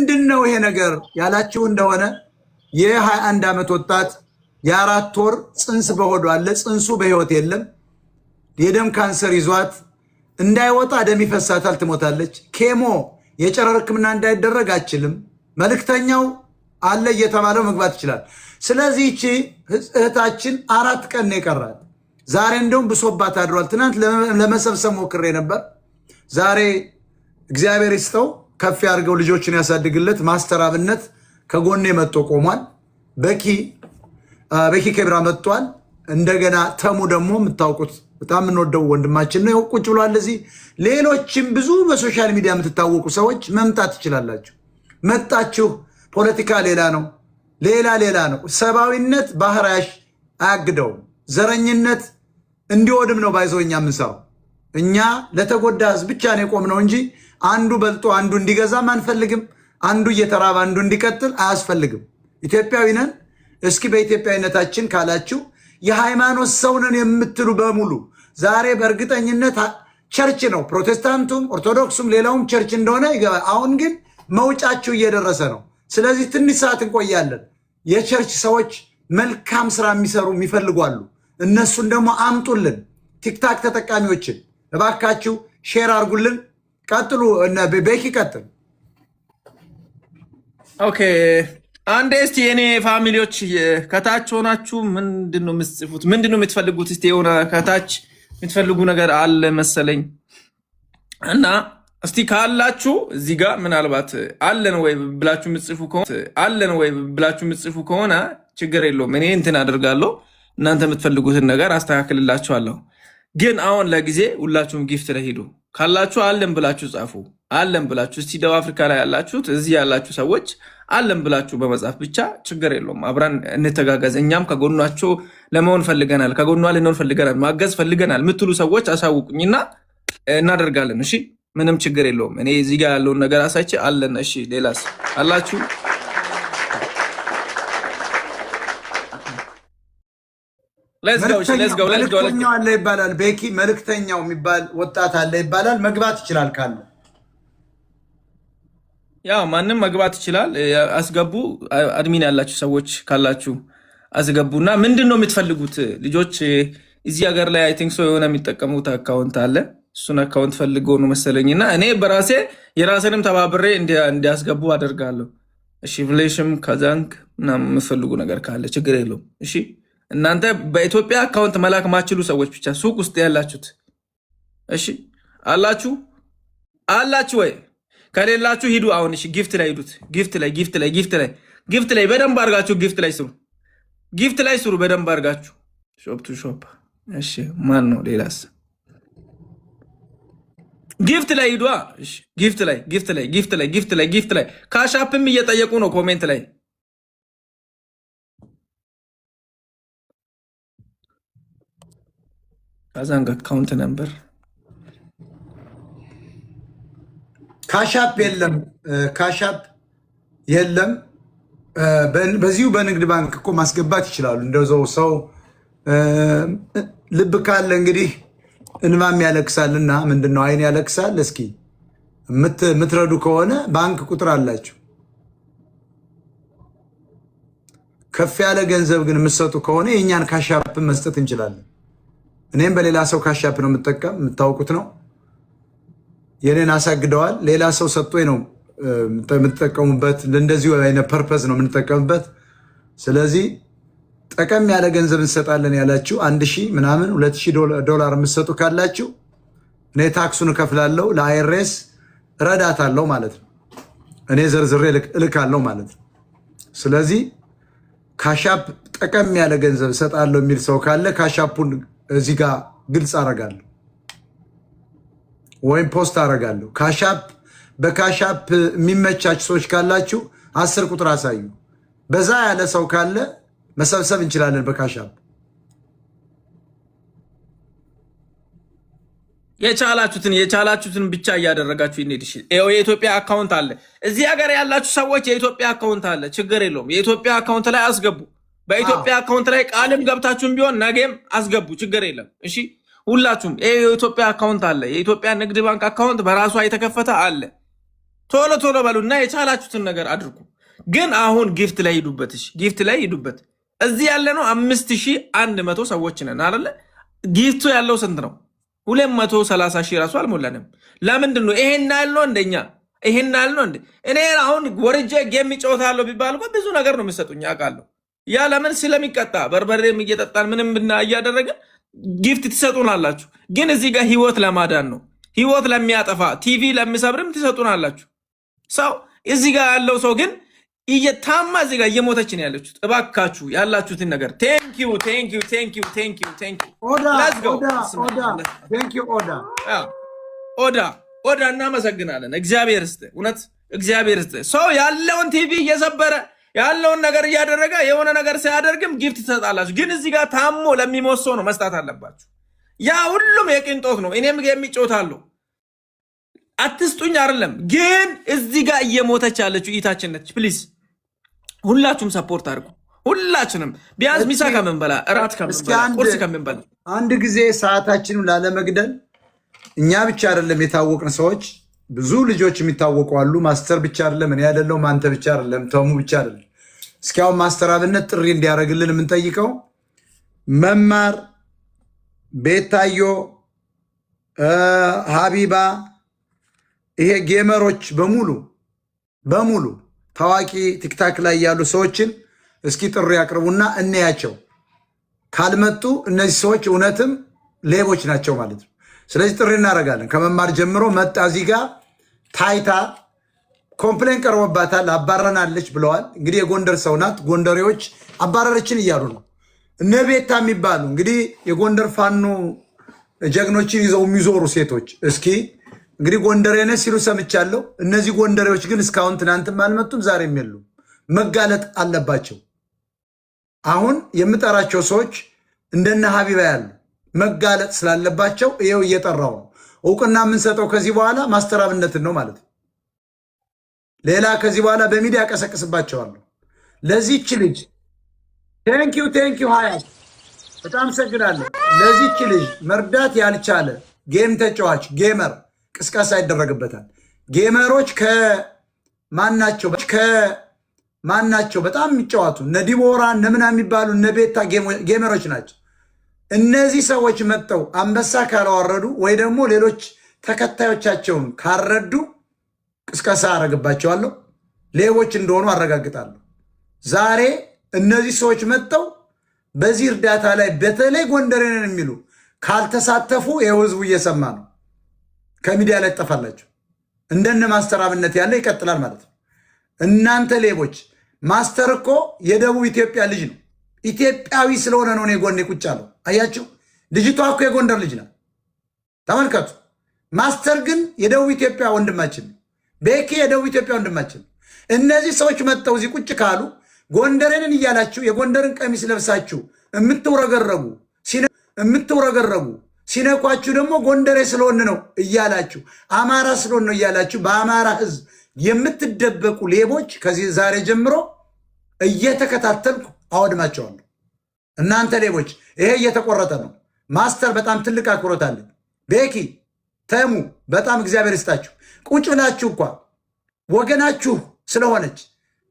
ምንድን ነው ይሄ ነገር ያላችሁ እንደሆነ የ21 ዓመት ወጣት የአራት ወር ጽንስ በሆዷ አለ። ጽንሱ በህይወት የለም። የደም ካንሰር ይዟት እንዳይወጣ ደም ይፈሳታል፣ ትሞታለች። ኬሞ የጨረር ህክምና እንዳይደረግ አችልም። መልእክተኛው አለ እየተባለው መግባት ይችላል። ስለዚህ ይቺ እህታችን አራት ቀን ነው የቀራት። ዛሬ እንደውም ብሶባት አድሯል። ትናንት ለመሰብሰብ ሞክሬ ነበር። ዛሬ እግዚአብሔር ይስጠው ከፍ ያድርገው፣ ልጆችን ያሳድግለት። ማስተር አብነት ከጎኔ መጥቶ ቆሟል። በኪ በኪ ኬብራ መጥቷል። እንደገና ተሙ ደግሞ የምታውቁት በጣም የምንወደው ወንድማችን ነው። ቁጭ ብሏል እዚህ። ሌሎችም ብዙ በሶሻል ሚዲያ የምትታወቁ ሰዎች መምጣት ትችላላችሁ። መጣችሁ፣ ፖለቲካ ሌላ ነው፣ ሌላ ሌላ ነው። ሰብአዊነት ባህር አያግደውም። ዘረኝነት እንዲወድም ነው ባይዘወኛ ምንሰራው እኛ ለተጎዳ ህዝብ ብቻ ነው የቆምነው እንጂ አንዱ በልጦ አንዱ እንዲገዛም አንፈልግም። አንዱ እየተራበ አንዱ እንዲቀጥል አያስፈልግም። ኢትዮጵያዊ ነን። እስኪ በኢትዮጵያዊነታችን ካላችሁ የሃይማኖት ሰው ነን የምትሉ በሙሉ ዛሬ በእርግጠኝነት ቸርች ነው። ፕሮቴስታንቱም ኦርቶዶክሱም ሌላውም ቸርች እንደሆነ ይገባል። አሁን ግን መውጫችሁ እየደረሰ ነው። ስለዚህ ትንሽ ሰዓት እንቆያለን። የቸርች ሰዎች መልካም ስራ የሚሰሩ የሚፈልጓሉ። እነሱን ደግሞ አምጡልን ቲክታክ ተጠቃሚዎችን እባካችሁ ሼር አድርጉልን። ቀጥሉ፣ ቤኪ ቀጥል። ኦኬ አንድ እስቲ የኔ ፋሚሊዎች ከታች ሆናችሁ ምንድን ነው የምትጽፉት? ምንድን ነው የምትፈልጉት? እስቲ የሆነ ከታች የምትፈልጉ ነገር አለ መሰለኝ እና እስቲ ካላችሁ እዚህ ጋር ምናልባት አለን ወይ ብላችሁ የምትጽፉ ከሆነ አለን ወይ ብላችሁ የምትጽፉ ከሆነ ችግር የለውም። እኔ እንትን አደርጋለሁ። እናንተ የምትፈልጉትን ነገር አስተካክልላችኋለሁ። ግን አሁን ለጊዜ ሁላችሁም ጊፍት ሂዱ ካላችሁ አለን ብላችሁ ጻፉ። አለን ብላችሁ እስቲ ደቡብ አፍሪካ ላይ ያላችሁት እዚህ ያላችሁ ሰዎች አለን ብላችሁ በመጻፍ ብቻ ችግር የለውም። አብረን እንተጋገዝ። እኛም ከጎኗቸው ለመሆን ፈልገናል፣ ከጎኗ ልንሆን ፈልገናል፣ ማገዝ ፈልገናል የምትሉ ሰዎች አሳውቁኝና እናደርጋለን። እሺ፣ ምንም ችግር የለውም። እኔ እዚህ ጋር ያለውን ነገር አሳይቼ አለን። እሺ፣ ሌላስ አላችሁ? መልክተኛው አለ ይባላል። ቤኪ መልክተኛው የሚባል ወጣት አለ ይባላል። መግባት ይችላል ካለ ያው ማንም መግባት ይችላል። አስገቡ። አድሚን ያላችሁ ሰዎች ካላችሁ አስገቡ እና ምንድን ነው የምትፈልጉት ልጆች? እዚህ ሀገር ላይ አይ ቲንክ ሶ የሆነ የሚጠቀሙት አካውንት አለ። እሱን አካውንት ፈልጎ ነው መሰለኝ እና እኔ በራሴ የራሴንም ተባብሬ እንዲያስገቡ አደርጋለሁ። እሺ፣ ቭሌሽም ከዛንክ ምናምን የምትፈልጉ ነገር ካለ ችግር የለውም። እሺ እናንተ በኢትዮጵያ አካውንት መላክ ማችሉ ሰዎች ብቻ ሱቅ ውስጥ ያላችሁት፣ እሺ አላችሁ አላችሁ ወይ? ከሌላችሁ ሂዱ አሁን እሺ፣ ጊፍት ላይ ሂዱት። ጊፍት ላይ ጊፍት ላይ ጊፍት ላይ ጊፍት ላይ በደንብ አድርጋችሁ ጊፍት ላይ ስሩ። ጊፍት ላይ ስሩ በደንብ አድርጋችሁ ሾፕ ቱ ሾፕ። እሺ ማን ነው ሌላስ? ጊፍት ላይ ሂዱ። ጊፍት ላይ ጊፍት ላይ ጊፍት ላይ ጊፍት ላይ ጊፍት ላይ ካሻፕም እየጠየቁ ነው ኮሜንት ላይ ከዛን አካውንት ነበር ካሻፕ የለም፣ ካሻፕ የለም። በዚሁ በንግድ ባንክ እኮ ማስገባት ይችላሉ። እንደዛው ሰው ልብ ካለ እንግዲህ እንባም ያለቅሳል እና ምንድን ነው አይን ያለቅሳል። እስኪ የምትረዱ ከሆነ ባንክ ቁጥር አላቸው። ከፍ ያለ ገንዘብ ግን የምትሰጡ ከሆነ የእኛን ካሻፕ መስጠት እንችላለን። እኔም በሌላ ሰው ካሻፕ ነው የምጠቀም፣ የምታውቁት ነው። የኔን አሳግደዋል። ሌላ ሰው ሰጥቶኝ ነው የምትጠቀሙበት። እንደዚሁ አይነት ፐርፐዝ ነው የምንጠቀምበት። ስለዚህ ጠቀም ያለ ገንዘብ እንሰጣለን ያላችሁ አንድ ሺህ ምናምን ሁለት ሺህ ዶላር የምትሰጡ ካላችሁ እኔ ታክሱን እከፍላለሁ፣ ለአይሬስ እረዳታለሁ ማለት ነው። እኔ ዘርዝሬ እልካለሁ ማለት ነው። ስለዚህ ካሻፕ ጠቀም ያለ ገንዘብ እሰጣለሁ የሚል ሰው ካለ ካሻፑን እዚህ ጋ ግልጽ አደርጋለሁ ወይም ፖስት አደርጋለሁ። ካሻፕ በካሻፕ የሚመቻች ሰዎች ካላችሁ አስር ቁጥር አሳዩ። በዛ ያለ ሰው ካለ መሰብሰብ እንችላለን በካሻፕ የቻላችሁትን የቻላችሁትን ብቻ እያደረጋችሁ ይሄድ የኢትዮጵያ አካውንት አለ፣ እዚህ ሀገር ያላችሁ ሰዎች የኢትዮጵያ አካውንት አለ፣ ችግር የለውም። የኢትዮጵያ አካውንት ላይ አስገቡ። በኢትዮጵያ አካውንት ላይ ቃልም ገብታችሁም ቢሆን ነገም አስገቡ፣ ችግር የለም። እሺ ሁላችሁም የኢትዮጵያ አካውንት አለ፣ የኢትዮጵያ ንግድ ባንክ አካውንት በራሷ የተከፈተ አለ። ቶሎ ቶሎ በሉ እና የቻላችሁትን ነገር አድርጉ። ግን አሁን ጊፍት ላይ ሂዱበት፣ ጊፍት ላይ ሂዱበት። እዚህ ያለ ነው አምስት ሺህ አንድ መቶ ሰዎች ነን አለ። ጊፍቱ ያለው ስንት ነው? ሁለት መቶ ሰላሳ ሺህ ራሱ አልሞላንም። ለምንድን ነው ይሄን ያህል ነው እንደኛ ይሄን ያህል ነው እንደ እኔ አሁን ወርጄ ጌም ጨዋታ አለው ቢባል ብዙ ነገር ነው የሚሰጡኝ አውቃለሁ። ያ ለምን ስለሚቀጣ በርበሬም እየጠጣን ምንም ብና እያደረግን ጊፍት ትሰጡናላችሁ። ግን እዚህ ጋር ህይወት ለማዳን ነው። ህይወት ለሚያጠፋ ቲቪ ለሚሰብርም ትሰጡናላችሁ። ሰው እዚህ ጋር ያለው ሰው ግን እየታማ እዚህ ጋር እየሞተች ነው ያለችው። እባካችሁ ያላችሁትን ነገር ቴንኪዩ ቴንኪዩ ቴንኪዩ ቴንኪዩ ቴንኪዩ ኦዳ ኦዳ ኦዳ እናመሰግናለን። እግዚአብሔር ስጥ እውነት እግዚአብሔር ስጥ። ሰው ያለውን ቲቪ እየሰበረ ያለውን ነገር እያደረገ የሆነ ነገር ሲያደርግም ጊፍት ትሰጣላችሁ። ግን እዚህ ጋር ታሞ ለሚሞት ሰው ነው መስጣት አለባችሁ። ያ ሁሉም የቅንጦት ነው። እኔም የሚጮታሉ አትስጡኝ አይደለም። ግን እዚህ ጋር እየሞተች ያለችው ኢታችን ነች። ፕሊዝ ሁላችሁም ሰፖርት አድርጉ። ሁላችንም ቢያንስ ሚሳ ከምንበላ እራት ከምንበላ ቁርስ ከምንበላ አንድ ጊዜ ሰዓታችንም ላለመግደል እኛ ብቻ አይደለም የታወቅን ሰዎች ብዙ ልጆች የሚታወቁ አሉ። ማስተር ብቻ አይደለም፣ እኔ አይደለሁም፣ አንተ ብቻ አይደለም፣ ተሙ ብቻ አይደለም። እስኪያውም ማስተር አብነት ጥሪ እንዲያደርግልን የምንጠይቀው መማር ቤታዮ፣ ሀቢባ ይሄ ጌመሮች በሙሉ በሙሉ ታዋቂ ቲክታክ ላይ ያሉ ሰዎችን እስኪ ጥሪ ያቅርቡና እንያቸው። ካልመጡ እነዚህ ሰዎች እውነትም ሌቦች ናቸው ማለት ነው። ስለዚህ ጥሪ እናደርጋለን። ከመማር ጀምሮ መጣ እዚህ ጋር ታይታ ኮምፕሌን ቀርቦባታል። አባረናለች ብለዋል። እንግዲህ የጎንደር ሰው ናት። ጎንደሬዎች አባረረችን እያሉ ነው። እነቤታ የሚባሉ እንግዲህ የጎንደር ፋኖ ጀግኖችን ይዘው የሚዞሩ ሴቶች እስኪ እንግዲህ ጎንደሬነ ሲሉ ሰምቻለሁ። እነዚህ ጎንደሬዎች ግን እስካሁን ትናንትም አልመጡም፣ ዛሬም የሉም። መጋለጥ አለባቸው። አሁን የምጠራቸው ሰዎች እንደነ ሀቢባ ያሉ መጋለጥ ስላለባቸው ይኸው እየጠራው ነው። እውቅና የምንሰጠው ከዚህ በኋላ ማስተር አብነትን ነው ማለት ነው። ሌላ ከዚህ በኋላ በሚዲያ ያቀሰቅስባቸዋለሁ። ለዚች ልጅ ቴንኪዩ ቴንኪዩ፣ ሀያ በጣም ሰግዳለሁ። ለዚች ልጅ መርዳት ያልቻለ ጌም ተጫዋች ጌመር ቅስቀሳ ይደረግበታል። ጌመሮች ከማናቸው ከማናቸው በጣም የሚጫወቱ እነ ዲቦራ እነ ምናምን የሚባሉ እነ ቤታ ጌመሮች ናቸው። እነዚህ ሰዎች መጥተው አንበሳ ካላወረዱ ወይ ደግሞ ሌሎች ተከታዮቻቸውን ካረዱ ቅስቀሳ አረግባቸዋለሁ፣ ሌቦች እንደሆኑ አረጋግጣለሁ። ዛሬ እነዚህ ሰዎች መጥተው በዚህ እርዳታ ላይ በተለይ ጎንደሬንን የሚሉ ካልተሳተፉ ይኸው ህዝቡ እየሰማ ነው። ከሚዲያ ላይ ጠፋላቸው። እንደነ ማስተር አብነት ያለ ይቀጥላል ማለት ነው። እናንተ ሌቦች፣ ማስተር እኮ የደቡብ ኢትዮጵያ ልጅ ነው። ኢትዮጵያዊ ስለሆነ ነው እኔ ጎኔ ቁጭ አለው። አያችሁ፣ ልጅቷ እኮ የጎንደር ልጅ ናት። ተመልከቱ። ማስተር ግን የደቡብ ኢትዮጵያ ወንድማችን፣ ቤኬ የደቡብ ኢትዮጵያ ወንድማችን። እነዚህ ሰዎች መጥተው እዚህ ቁጭ ካሉ ጎንደሬንን እያላችሁ የጎንደርን ቀሚስ ለብሳችሁ የምትውረገረጉ የምትውረገረጉ ሲነኳችሁ ደግሞ ጎንደሬ ስለሆን ነው እያላችሁ አማራ ስለሆን ነው እያላችሁ በአማራ ሕዝብ የምትደበቁ ሌቦች ከዚህ ዛሬ ጀምሮ እየተከታተልኩ አወድማቸዋለሁ። እናንተ ሌቦች! ይሄ እየተቆረጠ ነው። ማስተር በጣም ትልቅ አክብሮት አለ። ቤኪ ተሙ በጣም እግዚአብሔር ይስጣችሁ። ቁጭ ብላችሁ እንኳ ወገናችሁ ስለሆነች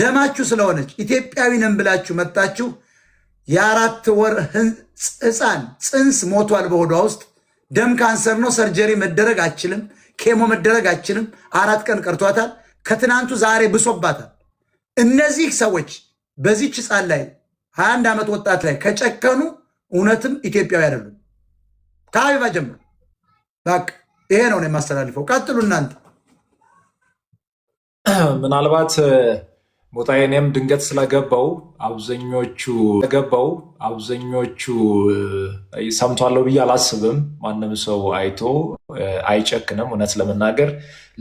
ደማችሁ ስለሆነች ኢትዮጵያዊ ነን ብላችሁ መጣችሁ። የአራት ወር ህፃን ፅንስ ሞቷል በሆዷ ውስጥ ደም ካንሰር ነው። ሰርጀሪ መደረግ አችልም፣ ኬሞ መደረግ አችልም። አራት ቀን ቀርቷታል። ከትናንቱ ዛሬ ብሶባታል። እነዚህ ሰዎች በዚች ህፃን ላይ ሀያ አንድ ዓመት ወጣት ላይ ከጨከኑ እውነትም ኢትዮጵያዊ አይደሉም። ከአቢባ ጀምሮ በቃ ይሄ ነው የማስተላልፈው። ቀጥሉ እናንተ። ምናልባት ቦታዬ እኔም ድንገት ስለገባው አብዛኞቹ ገባው አብዛኞቹ ሰምቷለሁ ብዬ አላስብም። ማንም ሰው አይቶ አይጨክንም። እውነት ለመናገር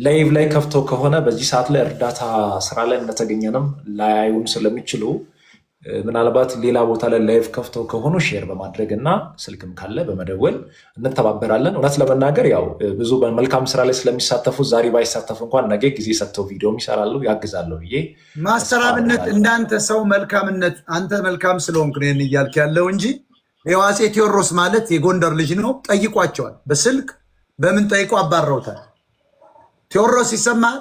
ላይቭ ላይ ከፍቶ ከሆነ በዚህ ሰዓት ላይ እርዳታ ስራ ላይ እንደተገኘንም ላያዩም ስለሚችሉ ምናልባት ሌላ ቦታ ላይ ላይቭ ከፍተው ከሆኑ ሼር በማድረግ እና ስልክም ካለ በመደወል እንተባበራለን። እውነት ለመናገር ያው ብዙ በመልካም ስራ ላይ ስለሚሳተፉ ዛሬ ባይሳተፉ እንኳን ነገ ጊዜ ሰጥተው ቪዲዮም ይሰራሉ፣ ያግዛለሁ ብዬ ማሰራብነት እንዳንተ ሰው መልካምነት አንተ መልካም ስለሆንክ ነው እያልክ ያለው እንጂ የዋፄ ቴዎድሮስ ማለት የጎንደር ልጅ ነው። ጠይቋቸዋል፣ በስልክ በምን ጠይቆ አባረውታል። ቴዎድሮስ ይሰማል